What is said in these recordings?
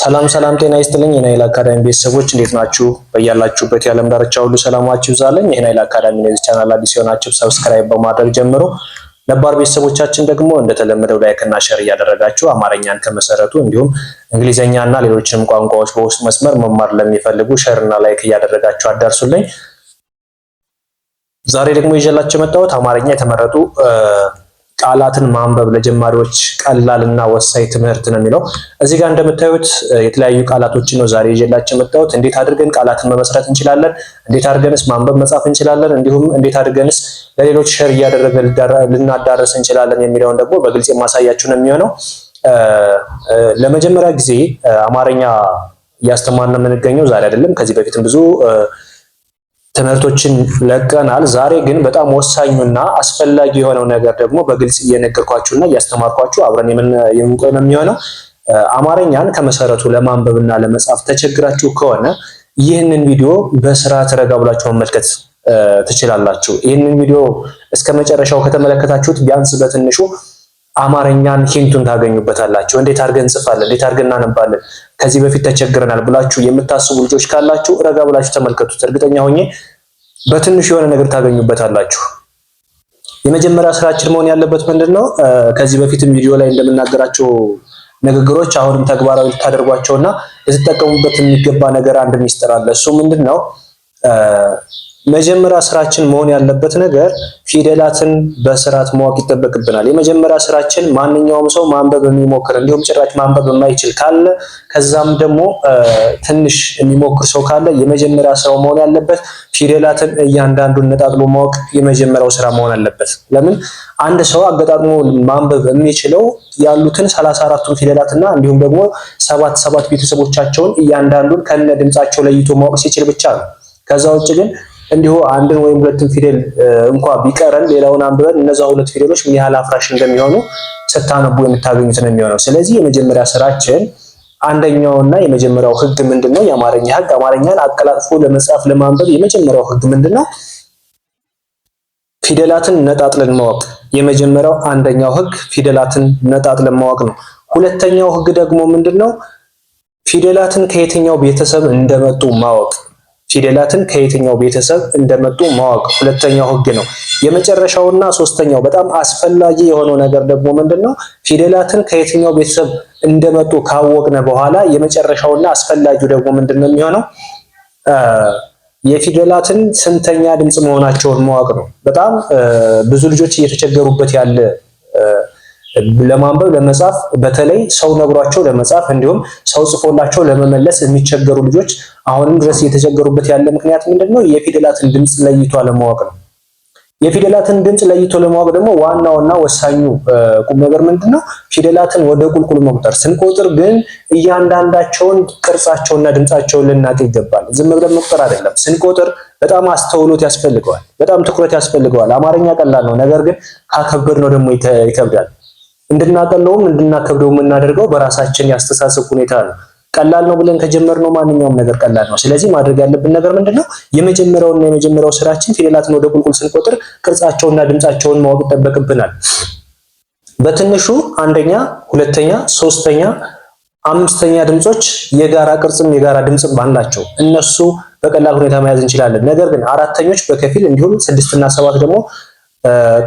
ሰላም ሰላም፣ ጤና ይስጥልኝ የናይል አካዳሚ ቤተሰቦች እንዴት ናችሁ? በያላችሁበት የዓለም ዳርቻ ሁሉ ሰላማችሁ ይብዛልኝ። የናይል አካዳሚ ነው። ቻናል አዲስ የሆናችሁ ሰብስክራይብ በማድረግ ጀምሮ ነባር ቤተሰቦቻችን ደግሞ እንደተለመደው ላይክ እና ሸር እያደረጋችሁ አማርኛን ከመሰረቱ እንዲሁም እንግሊዘኛ እና ሌሎችንም ቋንቋዎች በውስጥ መስመር መማር ለሚፈልጉ ሸር እና ላይክ እያደረጋችሁ አዳርሱልኝ። ዛሬ ደግሞ ይዤላችሁ የመጣሁት አማርኛ የተመረጡ ቃላትን ማንበብ ለጀማሪዎች ቀላልና ወሳኝ ትምህርት ነው የሚለው እዚህ ጋር እንደምታዩት የተለያዩ ቃላቶችን ነው ዛሬ ይዤላችሁ የመጣሁት። እንዴት አድርገን ቃላትን መመስረት እንችላለን፣ እንዴት አድርገንስ ማንበብ መጻፍ እንችላለን፣ እንዲሁም እንዴት አድርገንስ ለሌሎች ሸር እያደረገ ልናዳረስ እንችላለን የሚለውን ደግሞ በግልጽ የማሳያችሁ ነው የሚሆነው። ለመጀመሪያ ጊዜ አማርኛ እያስተማርን የምንገኘው ዛሬ አይደለም፣ ከዚህ በፊትም ብዙ ትምህርቶችን ለቀናል። ዛሬ ግን በጣም ወሳኙና አስፈላጊ የሆነው ነገር ደግሞ በግልጽ እየነገርኳችሁና እያስተማርኳችሁ አብረን የምንቆይ ነው የሚሆነው። አማርኛን ከመሰረቱ ለማንበብና ለመጻፍ ተቸግራችሁ ከሆነ ይህንን ቪዲዮ በስርዓት ረጋ ብላችሁ መመልከት ትችላላችሁ። ይህንን ቪዲዮ እስከ መጨረሻው ከተመለከታችሁት ቢያንስ በትንሹ አማርኛን ሂንቱን ታገኙበታላችሁ። እንዴት አድርገን እንጽፋለን፣ እንዴት አድርገን እናነባለን፣ ከዚህ በፊት ተቸግረናል ብላችሁ የምታስቡ ልጆች ካላችሁ ረጋ ብላችሁ ተመልከቱት። እርግጠኛ ሆኜ በትንሹ የሆነ ነገር ታገኙበታላችሁ። የመጀመሪያ ስራችን መሆን ያለበት ምንድን ነው? ከዚህ በፊትም ቪዲዮ ላይ እንደምናገራቸው ንግግሮች አሁንም ተግባራዊ ልታደርጓቸውና ልትጠቀሙበት የሚገባ ነገር አንድ ሚስጥር አለ። እሱ ምንድን ነው? መጀመሪያ ስራችን መሆን ያለበት ነገር ፊደላትን በስርዓት ማወቅ ይጠበቅብናል። የመጀመሪያ ስራችን ማንኛውም ሰው ማንበብ የሚሞክር እንዲሁም ጭራሽ ማንበብ የማይችል ካለ ከዛም ደግሞ ትንሽ የሚሞክር ሰው ካለ የመጀመሪያ ስራው መሆን ያለበት ፊደላትን እያንዳንዱን ነጣጥሎ ማወቅ የመጀመሪያው ስራ መሆን አለበት። ለምን አንድ ሰው አገጣጥሞ ማንበብ የሚችለው ያሉትን ሰላሳ አራቱን ፊደላትና እንዲሁም ደግሞ ሰባት ሰባት ቤተሰቦቻቸውን እያንዳንዱን ከነ ድምጻቸው ለይቶ ማወቅ ሲችል ብቻ ነው። ከዛ ውጭ ግን እንዲሁ አንድን ወይም ሁለትን ፊደል እንኳ ቢቀረን ሌላውን አንብበን እነዛ ሁለት ፊደሎች ምን ያህል አፍራሽ እንደሚሆኑ ስታነቡ የምታገኙት ነው የሚሆነው። ስለዚህ የመጀመሪያ ስራችን አንደኛውና የመጀመሪያው ህግ ምንድን ነው? የአማርኛ ህግ፣ አማርኛን አቀላጥፎ ለመጻፍ ለማንበብ የመጀመሪያው ህግ ምንድን ነው? ፊደላትን ነጣጥለን ማወቅ። የመጀመሪያው አንደኛው ህግ ፊደላትን ነጣጥለን ማወቅ ነው። ሁለተኛው ህግ ደግሞ ምንድን ነው? ፊደላትን ከየትኛው ቤተሰብ እንደመጡ ማወቅ ፊደላትን ከየትኛው ቤተሰብ እንደመጡ ማወቅ ሁለተኛው ህግ ነው። የመጨረሻውና ሶስተኛው በጣም አስፈላጊ የሆነው ነገር ደግሞ ምንድን ነው? ፊደላትን ከየትኛው ቤተሰብ እንደመጡ ካወቅነ በኋላ የመጨረሻውና አስፈላጊው ደግሞ ምንድን ነው የሚሆነው? የፊደላትን ስንተኛ ድምፅ መሆናቸውን ማወቅ ነው። በጣም ብዙ ልጆች እየተቸገሩበት ያለ ለማንበብ ለመጻፍ በተለይ ሰው ነግሯቸው ለመጻፍ እንዲሁም ሰው ጽፎላቸው ለመመለስ የሚቸገሩ ልጆች አሁንም ድረስ እየተቸገሩበት ያለ ምክንያት ምንድን ነው? የፊደላትን ድምፅ ለይቶ አለማወቅ ነው። የፊደላትን ድምፅ ለይቶ ለማወቅ ደግሞ ዋናውና ወሳኙ ቁም ነገር ምንድን ነው? ፊደላትን ወደ ቁልቁል መቁጠር። ስንቆጥር ግን እያንዳንዳቸውን ቅርጻቸውና ድምፃቸውን ልናቅ ይገባል። ዝም ብለን መቁጠር አይደለም። ስንቆጥር በጣም አስተውሎት ያስፈልገዋል። በጣም ትኩረት ያስፈልገዋል። አማርኛ ቀላል ነው፣ ነገር ግን ካከበድ ነው ደግሞ ይከብዳል። እንድናቀለውም እንድናከብደው የምናደርገው በራሳችን ያስተሳሰብ ሁኔታ ነው። ቀላል ነው ብለን ከጀመርነው ማንኛውም ነገር ቀላል ነው። ስለዚህ ማድረግ ያለብን ነገር ምንድን ነው? የመጀመሪያውና የመጀመሪያው ስራችን ፊደላትን ወደ ቁልቁል ስንቆጥር ቅርጻቸውና ድምጻቸውን ማወቅ ይጠበቅብናል። በትንሹ አንደኛ፣ ሁለተኛ፣ ሶስተኛ፣ አምስተኛ ድምጾች የጋራ ቅርጽም የጋራ ድምጽም አላቸው። እነሱ በቀላል ሁኔታ መያዝ እንችላለን። ነገር ግን አራተኞች በከፊል እንዲሁም ስድስትና ሰባት ደግሞ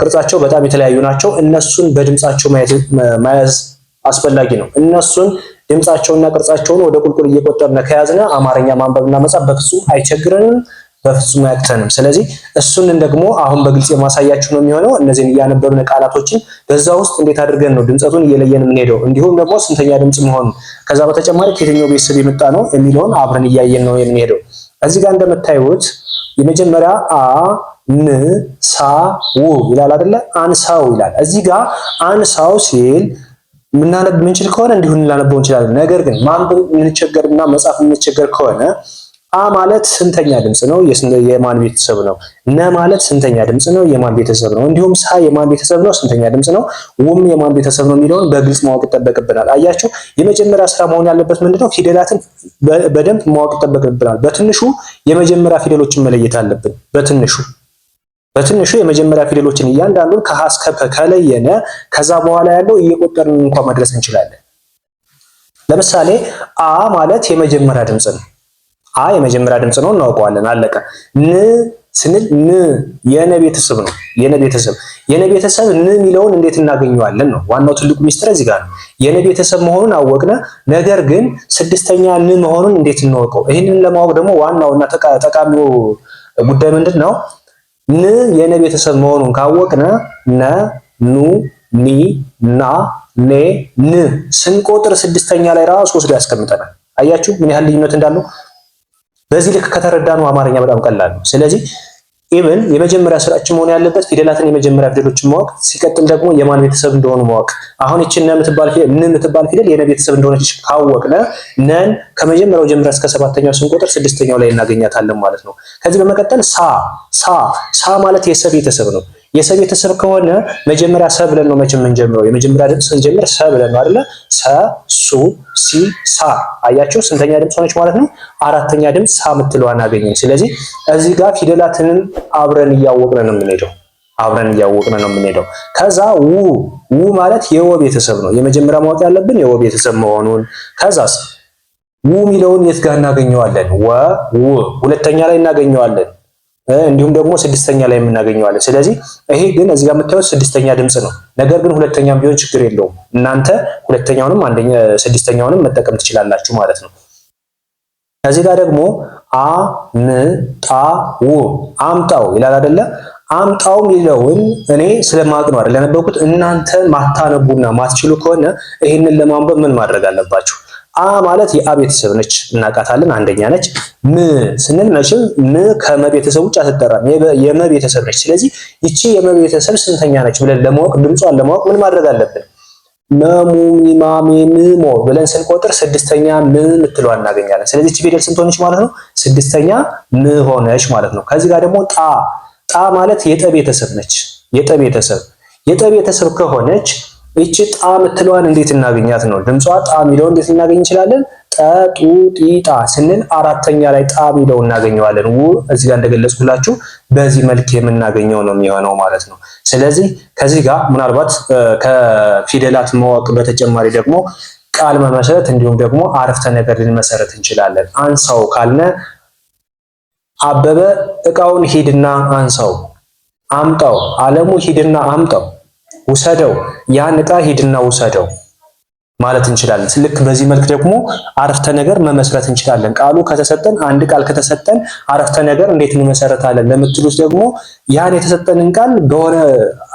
ቅርጻቸው በጣም የተለያዩ ናቸው። እነሱን በድምጻቸው መያዝ አስፈላጊ ነው። እነሱን ድምጻቸውና ቅርጻቸውን ወደ ቁልቁል እየቆጠርን ከያዝነ አማርኛ ማንበብና መጻፍ በፍጹም አይቸግረንም፣ በፍጹም አያቅተንም። ስለዚህ እሱን ደግሞ አሁን በግልጽ የማሳያችሁ ነው የሚሆነው። እነዚህን እያነበብን ቃላቶችን በዛ ውስጥ እንዴት አድርገን ነው ድምጸቱን እየለየን የምንሄደው፣ እንዲሁም ደግሞ ስንተኛ ድምጽ መሆኑን ከዛ በተጨማሪ ከየትኛው ቤተሰብ የመጣ ነው የሚለውን አብረን እያየን ነው የምንሄደው። እዚህ ጋር እንደምታዩት የመጀመሪያ አ ንሳው ይላል አይደለ? አንሳው ይላል። እዚህ ጋር አንሳው ሲል ምናነብ ምንችል ከሆነ እንዲሁ ልናነበው እንችላለን። ነገር ግን ማንበብ የምንቸገርና መጻፍ የምንቸገር ከሆነ አ ማለት ስንተኛ ድምፅ ነው? የማን ቤተሰብ ነው? ነ ማለት ስንተኛ ድምፅ ነው? የማን ቤተሰብ ነው? እንዲሁም ሳ የማን ቤተሰብ ነው? ስንተኛ ድምፅ ነው? ውም የማን ቤተሰብ ነው የሚለውን በግልጽ ማወቅ ይጠበቅብናል። አያችሁ፣ የመጀመሪያ ስራ መሆን ያለበት ምንድነው? ፊደላትን በደንብ ማወቅ ይጠበቅብናል። በትንሹ የመጀመሪያ ፊደሎችን መለየት አለብን በትንሹ በትንሹ የመጀመሪያ ፊደሎችን እያንዳንዱን ከሀ እስከ ፐ ከለየነ ከዛ በኋላ ያለው እየቆጠርን እንኳን መድረስ እንችላለን። ለምሳሌ አ ማለት የመጀመሪያ ድምፅ ነው። አ የመጀመሪያ ድምፅ ነው፣ እናውቀዋለን። አለቀ። ን ስንል ን የነ ቤተሰብ ነው። የነ ቤተሰብ የነ ቤተሰብ ን የሚለውን እንዴት እናገኘዋለን ነው ዋናው ትልቁ ሚስጥር እዚህ ጋር ነው። የነ ቤተሰብ መሆኑን አወቅነ። ነገር ግን ስድስተኛ ን መሆኑን እንዴት እናወቀው ይህንን ለማወቅ ደግሞ ዋናው እና ጠቃሚው ጉዳይ ምንድን ነው? ን የነ ቤተሰብ መሆኑን ካወቅነ ነ ኑ ኒ ና ኔ ን ስንቆጥር ስድስተኛ ላይ ራሱ ወስዶ ያስቀምጠናል። አያችሁ ምን ያህል ልዩነት እንዳለው። በዚህ ልክ ከተረዳነው አማርኛ በጣም ቀላል ነው። ስለዚህ ኢቨን የመጀመሪያ ስራችን መሆን ያለበት ፊደላትን የመጀመሪያ ፊደሎችን ማወቅ፣ ሲቀጥል ደግሞ የማን ቤተሰብ እንደሆኑ ማወቅ። አሁን እቺ ነ የምትባል ፊደል ን የምትባል ፊደል የነ ቤተሰብ እንደሆነች ካወቅነ ነን ከመጀመሪያው ጀምረ እስከ ሰባተኛው ስንቆጥር ስድስተኛው ላይ እናገኛታለን ማለት ነው። ከዚህ በመቀጠል ሳ ሳ ሳ ማለት የሰ ቤተሰብ ነው። የሰው ቤተሰብ ከሆነ መጀመሪያ ሰ ብለን ነው መቼ የምንጀምረው? የመጀመሪያ ድምፅ ስንጀምር ሰ ብለን ነው አይደለ? ሰ፣ ሱ፣ ሲ፣ ሳ። አያችሁ ስንተኛ ድምፅ ሆነች ማለት ነው? አራተኛ ድምፅ ሳ ምትለዋን አገኘን። ስለዚህ እዚህ ጋር ፊደላትን አብረን እያወቅን ነው የምንሄደው አብረን እያወቅን ነው የምንሄደው። ከዛ ው ው ማለት የወ ቤተሰብ ነው። የመጀመሪያ ማወቅ ያለብን የወ ቤተሰብ መሆኑን። ከዛስ ው የሚለውን የት ጋር እናገኘዋለን? ወ ው ሁለተኛ ላይ እናገኘዋለን። እንዲሁም ደግሞ ስድስተኛ ላይ የምናገኘዋለን። ስለዚህ ይሄ ግን እዚህ ጋር የምታዩት ስድስተኛ ድምፅ ነው። ነገር ግን ሁለተኛም ቢሆን ችግር የለውም። እናንተ ሁለተኛውንም አንደኛ ስድስተኛውንም መጠቀም ትችላላችሁ ማለት ነው። ከዚህ ጋር ደግሞ አምጣው አምጣው ይላል አይደለ? አምጣው የሚለውን እኔ ስለማቅ ነው አይደል ያነበብኩት። እናንተ ማታነቡና ማትችሉ ከሆነ ይህንን ለማንበብ ምን ማድረግ አለባችሁ? አ ማለት የአ ቤተሰብ ነች፣ እናቃታለን አንደኛ ነች። ም ስንል መቼም ም ከመ ቤተሰብ ውጭ አትጠራም፣ የመ ቤተሰብ ነች። ስለዚህ ይቺ የመ ቤተሰብ ስንተኛ ነች ብለን ለማወቅ ድምጿን ለማወቅ ምን ማድረግ አለብን? መሙ ሚማ ምሞ ብለን ስንቆጥር ስድስተኛ ም ምትለዋ እናገኛለን። ስለዚህ ይቺ ፊደል ስንት ሆነች ማለት ነው? ስድስተኛ ም ሆነች ማለት ነው። ከዚህ ጋር ደግሞ ጣ ጣ ማለት የጠ ቤተሰብ ነች። የጠ ቤተሰብ የጠ ቤተሰብ ከሆነች ይቺ ጣ ምትለዋን እንዴት እናገኛት ነው? ድምጿ ጣ የሚለው እንዴት ልናገኝ እንችላለን? ጠጡ ጢጣ ስንል አራተኛ ላይ ጣ የሚለው እናገኘዋለን። ው እዚህ ጋር እንደገለጽኩላችሁ በዚህ መልክ የምናገኘው ነው የሚሆነው ማለት ነው። ስለዚህ ከዚህ ጋር ምናልባት ከፊደላት ማወቅ በተጨማሪ ደግሞ ቃል መመሰረት እንዲሁም ደግሞ አረፍተ ነገር ልንመሰረት እንችላለን። አንሳው ካልነ አበበ እቃውን ሂድና አንሳው፣ አምጣው አለሙ ሂድና አምጣው ውሰደው፣ ያን ዕቃ ሂድና ውሰደው ማለት እንችላለን። ልክ በዚህ መልክ ደግሞ አረፍተ ነገር መመስረት እንችላለን። ቃሉ ከተሰጠን አንድ ቃል ከተሰጠን አረፍተ ነገር እንዴት እንመሰረታለን ለምትሉስ ደግሞ ያን የተሰጠንን ቃል በሆነ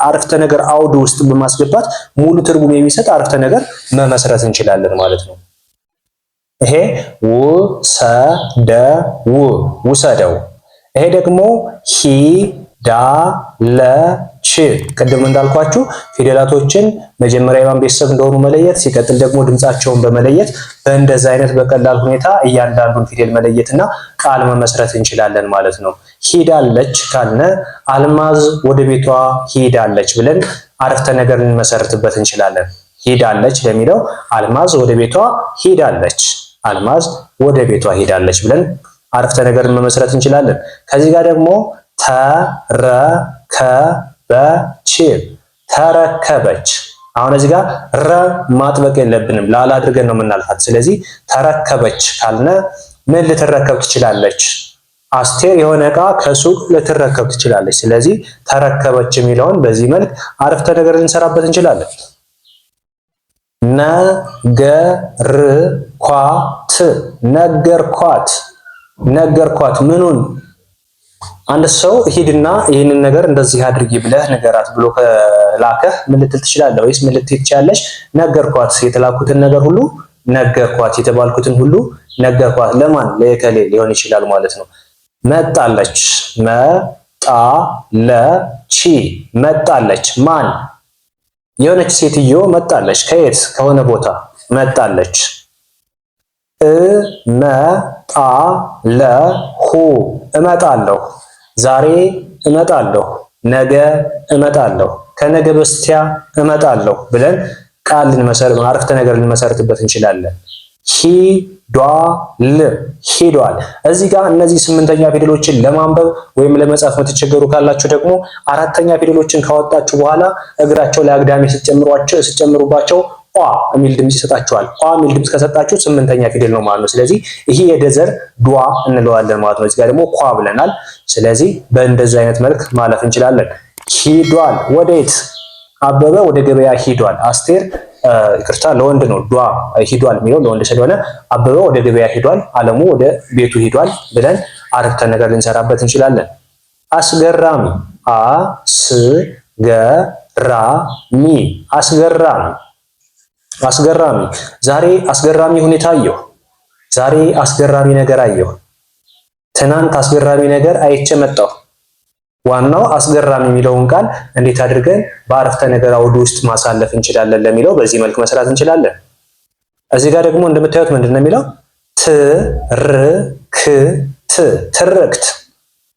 አረፍተ ነገር አውድ ውስጥ በማስገባት ሙሉ ትርጉም የሚሰጥ አረፍተ ነገር መመስረት እንችላለን ማለት ነው። ይሄ ውሰደው ውሰደው። ይሄ ደግሞ ሂዳለ ሽ ቅድም እንዳልኳችሁ ፊደላቶችን መጀመሪያ የማን ቤተሰብ እንደሆኑ መለየት፣ ሲቀጥል ደግሞ ድምፃቸውን በመለየት በእንደዛ አይነት በቀላል ሁኔታ እያንዳንዱን ፊደል መለየትና ቃል መመስረት እንችላለን ማለት ነው። ሂዳለች ካልነ አልማዝ ወደ ቤቷ ሂዳለች ብለን አረፍተ ነገር ልንመሰርትበት እንችላለን። ሂዳለች ለሚለው አልማዝ ወደ ቤቷ ሂዳለች፣ አልማዝ ወደ ቤቷ ሂዳለች ብለን አረፍተ ነገር መመስረት እንችላለን። ከዚህ ጋር ደግሞ ተረከ በች ተረከበች። አሁን እዚህ ጋር ረ ማጥበቅ የለብንም ላላ አድርገን ነው የምናልፋት። ስለዚህ ተረከበች ካልነ ምን ልትረከብ ትችላለች? አስቴር የሆነ እቃ ከሱቅ ልትረከብ ትችላለች። ስለዚህ ተረከበች የሚለውን በዚህ መልክ አረፍተ ነገር ልንሰራበት እንችላለን። ነገርኳት ነገርኳት ነገርኳት ምኑን አንድ ሰው ሂድና ይህንን ነገር እንደዚህ አድርጊ ብለህ ንገራት ብሎ ከላከህ ምን ልትል ትችላለህ? ወይስ ምን ልትል ትችላለች? ነገርኳት፣ የተላኩትን ነገር ሁሉ ነገርኳት፣ የተባልኩትን ሁሉ ነገርኳት። ለማን? ለየከሌ ሊሆን ይችላል ማለት ነው። መጣለች፣ መጣለች፣ መጣለች። ማን? የሆነች ሴትዮ መጣለች። ከየት? ከሆነ ቦታ መጣለች። እመጣለሁ፣ እመጣለሁ ዛሬ እመጣለሁ፣ ነገ እመጣለሁ፣ ከነገ በስቲያ እመጣለሁ ብለን ቃል ልንመሰርት አረፍተ ነገር ልንመሰርትበት እንችላለን። ሂዷል፣ ሂዷል። እዚህ ጋር እነዚህ ስምንተኛ ፊደሎችን ለማንበብ ወይም ለመጻፍ የምትቸገሩ ካላችሁ ደግሞ አራተኛ ፊደሎችን ካወጣችሁ በኋላ እግራቸው ላይ አግዳሚ ስትጨምሯቸው ስትጨምሩባቸው ቋ የሚል ድምጽ ይሰጣችኋል። ቋ የሚል ድምፅ ከሰጣችሁ ስምንተኛ ፊደል ነው ማለት ነው። ስለዚህ ይሄ የደዘር ዱዋ እንለዋለን ማለት ነው። እዚህ ጋር ደግሞ ኳ ብለናል። ስለዚህ በእንደዚህ አይነት መልክ ማለፍ እንችላለን። ሂዷል። ወዴት? አበበ ወደ ገበያ ሂዷል። አስቴር ይቅርታ፣ ለወንድ ነው ዷ ሂዷል የሚለው ለወንድ ስለሆነ አበበ ወደ ገበያ ሂዷል፣ አለሙ ወደ ቤቱ ሂዷል ብለን አረፍተ ነገር ልንሰራበት እንችላለን። አስገራሚ አስገራሚ አስገራሚ አስገራሚ ዛሬ አስገራሚ ሁኔታ አየሁ። ዛሬ አስገራሚ ነገር አየሁ። ትናንት አስገራሚ ነገር አይቼ መጣሁ። ዋናው አስገራሚ የሚለውን ቃል እንዴት አድርገን በአረፍተ ነገር አውድ ውስጥ ማሳለፍ እንችላለን ለሚለው በዚህ መልክ መስራት እንችላለን። እዚህ ጋር ደግሞ እንደምታዩት ምንድን ነው የሚለው ትርክት፣ ትርክት፣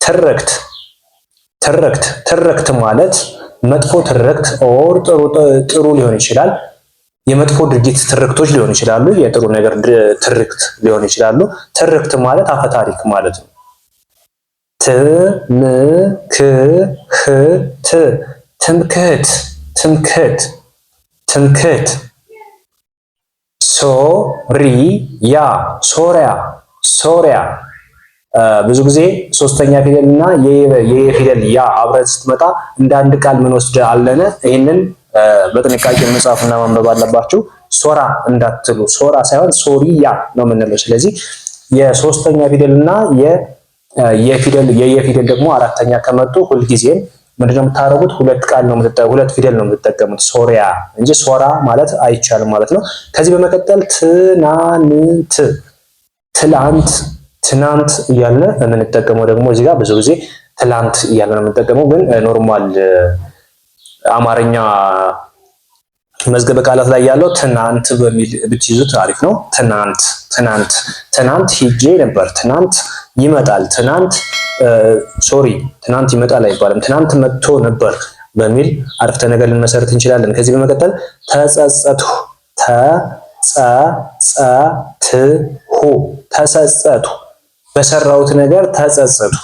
ትርክት፣ ትርክት። ትርክት ማለት መጥፎ ትርክት ኦር ጥሩ ሊሆን ይችላል የመጥፎ ድርጊት ትርክቶች ሊሆኑ ይችላሉ። የጥሩ ነገር ትርክት ሊሆኑ ይችላሉ። ትርክት ማለት አፈታሪክ ማለት ነው። ትምክህት ትምክህት ትምክህት ትምክህት ሶሪያ ሶሪያ ሶሪያ ብዙ ጊዜ ሶስተኛ ፊደል እና ፊደል ያ አብረን ስትመጣ እንደ አንድ ቃል ምን ወስድ አለነ ይህንን በጥንቃቄ መጻፍና ማንበብ አለባችሁ። ሶራ እንዳትሉ። ሶራ ሳይሆን ሶሪያ ነው የምንለው። ስለዚህ የሶስተኛ ፊደል እና የፊደል የየፊደል ደግሞ አራተኛ ከመጡ ሁልጊዜም ምንድነው የምታደርጉት? ሁለት ቃል ነው የምትጠቀሙት፣ ሁለት ፊደል ነው የምትጠቀሙት። ሶሪያ እንጂ ሶራ ማለት አይቻልም ማለት ነው። ከዚህ በመቀጠል ትናንት፣ ትላንት፣ ትናንት እያለ የምንጠቀመው ደግሞ እዚህ ጋር ብዙ ጊዜ ትላንት እያለ ነው የምንጠቀመው ግን ኖርማል አማርኛ መዝገበ ቃላት ላይ ያለው ትናንት በሚል ብትይዙት አሪፍ ነው። ትናንት ትናንት ትናንት ሂጄ ነበር። ትናንት ይመጣል። ትናንት ሶሪ፣ ትናንት ይመጣል አይባልም። ትናንት መጥቶ ነበር በሚል አረፍተ ነገር ልንመሰርት እንችላለን። ከዚህ በመቀጠል ተጸጸትሁ፣ ተጸጸትሁ፣ ተሰጸቱ በሰራሁት ነገር ተጸጸትሁ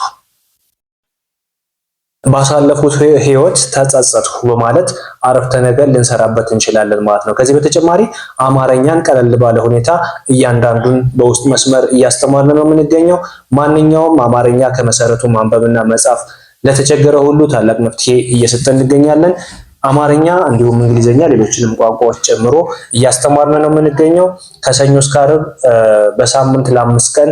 ባሳለፉት ህይወት ተጸጸትኩ በማለት አረፍተ ነገር ልንሰራበት እንችላለን ማለት ነው። ከዚህ በተጨማሪ አማርኛን ቀለል ባለ ሁኔታ እያንዳንዱን በውስጥ መስመር እያስተማርን ነው የምንገኘው። ማንኛውም አማርኛ ከመሰረቱ ማንበብና መጻፍ ለተቸገረ ሁሉ ታላቅ መፍትሄ እየሰጠን እንገኛለን። አማርኛ እንዲሁም እንግሊዝኛ ሌሎችንም ቋንቋዎች ጨምሮ እያስተማርን ነው የምንገኘው። ከሰኞ እስከ ዓርብ በሳምንት ለአምስት ቀን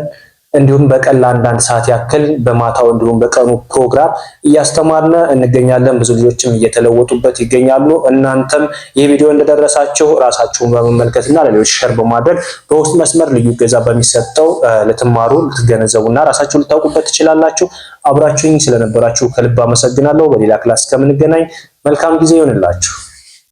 እንዲሁም በቀን ለአንዳንድ ሰዓት ያክል በማታው እንዲሁም በቀኑ ፕሮግራም እያስተማርነ እንገኛለን። ብዙ ልጆችም እየተለወጡበት ይገኛሉ። እናንተም ይህ ቪዲዮ እንደደረሳችሁ ራሳችሁን በመመልከትና ለሌሎች ሸር በማድረግ በውስጥ መስመር ልዩ ገዛ በሚሰጠው ልትማሩ ልትገነዘቡና ራሳችሁን ልታውቁበት ትችላላችሁ። አብራችሁኝ ስለነበራችሁ ከልብ አመሰግናለሁ። በሌላ ክላስ ከምንገናኝ መልካም ጊዜ ይሆንላችሁ።